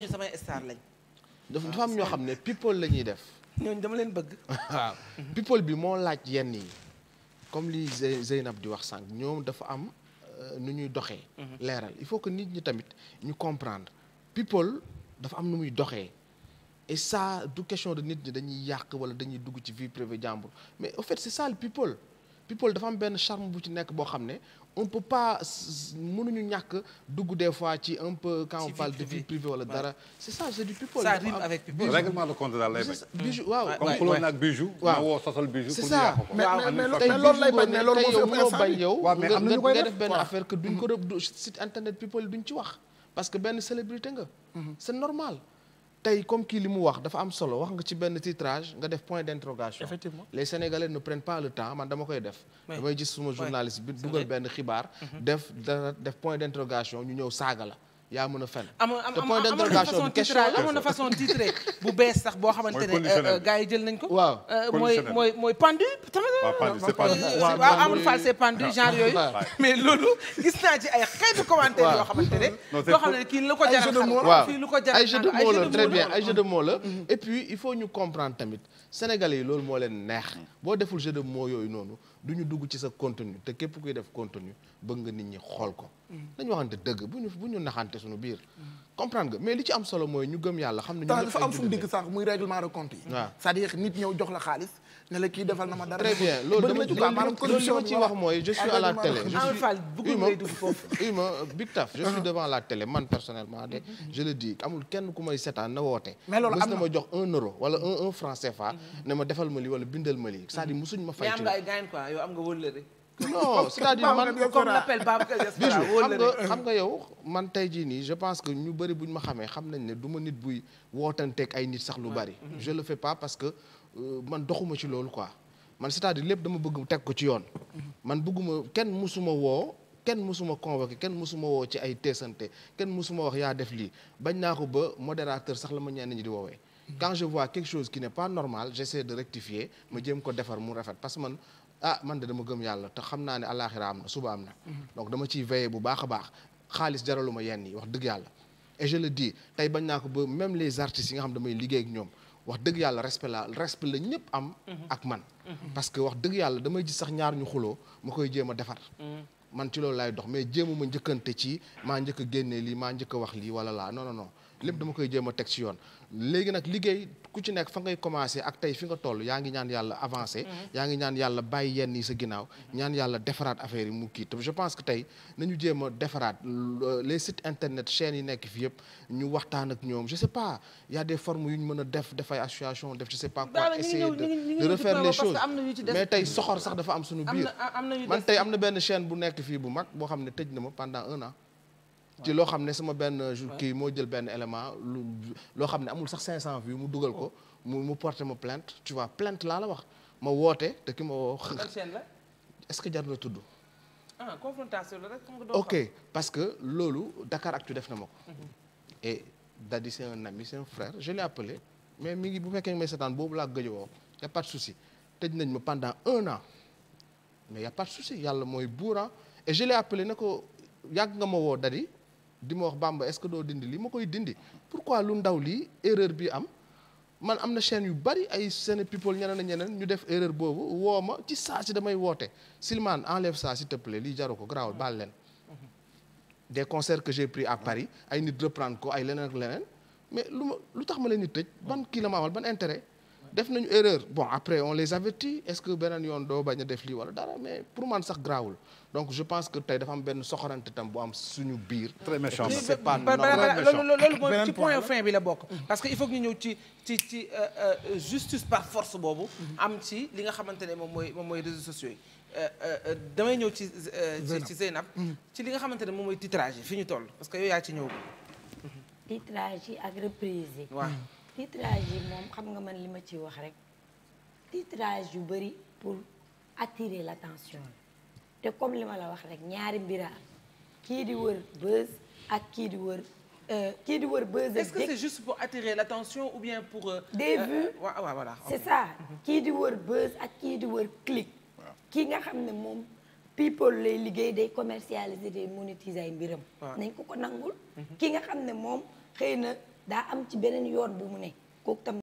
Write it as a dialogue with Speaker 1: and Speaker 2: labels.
Speaker 1: ñu samay lañ. Ah, dafa am ñoo xam ne people la ñuy def. ñooñ dama leen bëgg. waaw people bi moo laaj yenn yi comme li Zeynab di wax sànq ñoom dafa am euh, nu ñuy doxee. Mhm. leeral il faut que nit ñi tamit ñu comprendre people dafa am nu muy doxee et ça du question de nit ñi dañuy yàq wala dañuy dugg ci vie privée jàmbur mais au fait c'est ça le people dafa am benn charme bu ci nekk boo xam ne on peut pas mënuñu ñàkk dugg des ci un peu quand on parle de vie privée wala dara c'est ça c'est du people ça rime avec people waaw c'est ça mais loolu bañ mais loolu moo fi nga def benn affaire que duñ ko internet people duñ ci wax parce que benn célébrité nga mm-hmm. c'est normal tey comme kii li mu wax dafa am solo wax nga ci benn titrage nga def point d'interrogation effectivement les sénégalais ne prennent pas le temps man dama koy def damay gis suma journaliste bi dugal benn xibaar mhm. def def point d'interrogation ñu ñëw saaga la yaa mën a fen te point d'interrogation bi question amoon na façon titré bu bees sax boo xamante ne euh, euh, gars yi jël nañ ko waaw euh, mooy mooy mooy pendu tamit waaw amul fal c'est pendu genre yooyu mais loolu gis naa ci ay xeetu commentaire yoo xamante ne yoo xam ne kii la ko jaral waaw fii lu ko jaral ay jeu de mots la très bien ay jeu de mots la et puis il faut ñu comprendre tamit sénégalais yi loolu moo leen neex mm. boo deful jeu de mots yooyu noonu du ñu dugg ci sa contenu te képp kuy def contenu bëgg nga nit ñi xool ko dañu waxante dëgg bu ñu bu ñu naxante suñu biir comprendre nga mais li ci am solo mooy ñu gëm yàlla xam ne dafa am fu mu dégg muy règlement de compte yi c'est-à-dire nit ñëw jox la xaalis ne kii defal na ma dara. très bien loolu dama ci ma ci wax mooy je suis à la télé. Amadou Fall bëgg ngay dugg foofu. ma Big Taf je suis ah. devant la télé man personnellement de je le dis amul kenn ku may seetaan na woote. mais loolu am na ma jox un euro wala un un franc CFA. Mm-hmm. ne ma defal ma lii wala bindal ma lii. c'est-à-dire mm-hmm. ma fay ci. mais nga ay gaañ quoi yow am nga non c'est-à-dire man comme l'appel xam nga xam nga yow man tey jii nii je pense que ñu bëri buñ ma xamee xam nañ ne du ma nit buy wootanteeg ay nit sax lu bari. Mm-hmm. je le fais pas parce que euh, man doxuma ci loolu quoi man c'est-à-dire lépp dama bëgg teg ko ci yoon. Mm-hmm. man bëgguma kenn mësuma woo. kenn mësuma convoqué kenn mësuma woo ci ay teesante kenn mësuma wax yaa def lii bañ naa ko ba modérateur sax la ma ñenn ñi di woowee. Mm-hmm. quand je vois quelque chose qui n'est pas normal rectifier ma jéem ko defar mu rafet parce que man ah man de dama gëm yàlla te xam naa ne àllaaxira am na suba am na donc dama ciy veiller bu baax a baax xaalis jaraluma yenn yi wax dëgg yàlla et je le dis tey bañ naa ko ba même les artistes yi nga xam damay liggéey ak ñoom wax dëgg yàlla respect la respect la ñëpp am ak man parce que wax dëgg yàlla damay gis sax ñaar ñu xuloo ma koy jéem a defar man ci loolu laay dox mais ma njëkkante ci maa njëkk a lii maa njëkk wax lii wala laa non non lépp dama koy jéem a teg ci yoon léegi nag liggéey ku ci nekk fa ngay commencé ak tey fi nga toll yaa ngi ñaan yàlla avancé mm-hmm. yaa ngi ñaan yàlla bàyyi yenn yi sa ginnaaw mm-hmm. ñaan yàlla defaraat affaire yi mu kii je pense que tey nañu jéem a defaraat euh, les sit internet chaînes yi nekk fii yëpp ñu waxtaan ak ñoom je sais pas y a des formes yu ñu mën a def defay ay association def je se pas quoi essayer de refaire les choses mais tey soxor sax dafa am suñu biir man tey am na benn chaine bu nekk fii bu mag boo xam ne tëj na ma pendant un ci loo xam ne sama benn kii moo jël benn élément lu loo xam ne amul sax 500 vues mu dugal ko mu mu porté ma plainte tu vois plainte laa la wax ma woote te ki ma woo. est-ce que jar tudd. ah la rek. ok parce que loolu Dakaractu def na ma ko. Mhm. et Dadi c'est un mais mi ngi bu fekkee may boobu laa gëj a woo y a souci tëj nañ ma pendant un an mais y souci yàlla mooy buura ah. et je l'ai ne ko yàgg nga ma woo Dadi. di ma wax Bamba est-ce que doo dindi lii ma koy dindi pourquoi lu ndaw lii erreur bii am man am na chaîne yu bari ay seen people ñeneen a ñeneen ñu def erreur boobu woo ma ci saa si damay woote Silman enlève ça s'il te plaît lii jaru ko garaawul baal leen des concerts que j'ai pris à Paris ay nit reprendre ko ay leneen ak leneen mais lu ma lu tax ma leen di tëj ban kii la ma amal ban intérêt def nañu erreur bon après on les avertit est-ce que beneen yoon doo bañ a def lii wala dara mais pour man sax grawul donc je pense que tey dafa am benn soxorante tam bu am suñu biir. très méchant c'est pas normal que ci ci euh, euh, force boobu. am ci li nga xamante ne moom mooy moom mooy réseaux sociaux euh, damay ñëw ci ci mm-hmm. ci li nga xamante ne moom mooy titrage fi ñu toll parce que yow yaa ci ñëw. titrage yi ak titrage yi moom xam nga man li ma ci wax rek titrage yu bëri pour la l'attention te comme li ma la wax rek ñaari mbira kii di wër buzz ak kii di wër euh, kii di wër buzz. est-ce que c'est pour attirer euh, euh, kii di wër buzz ak kii di wër clic. kii nga xam ne moom people lay liggéey day commercialiser day monétiser ay mbiram. nañ ko ko nangul. Mhm. kii nga xam ne moom xëy na. daa am ci beneen yoon bu mu ne kooku tam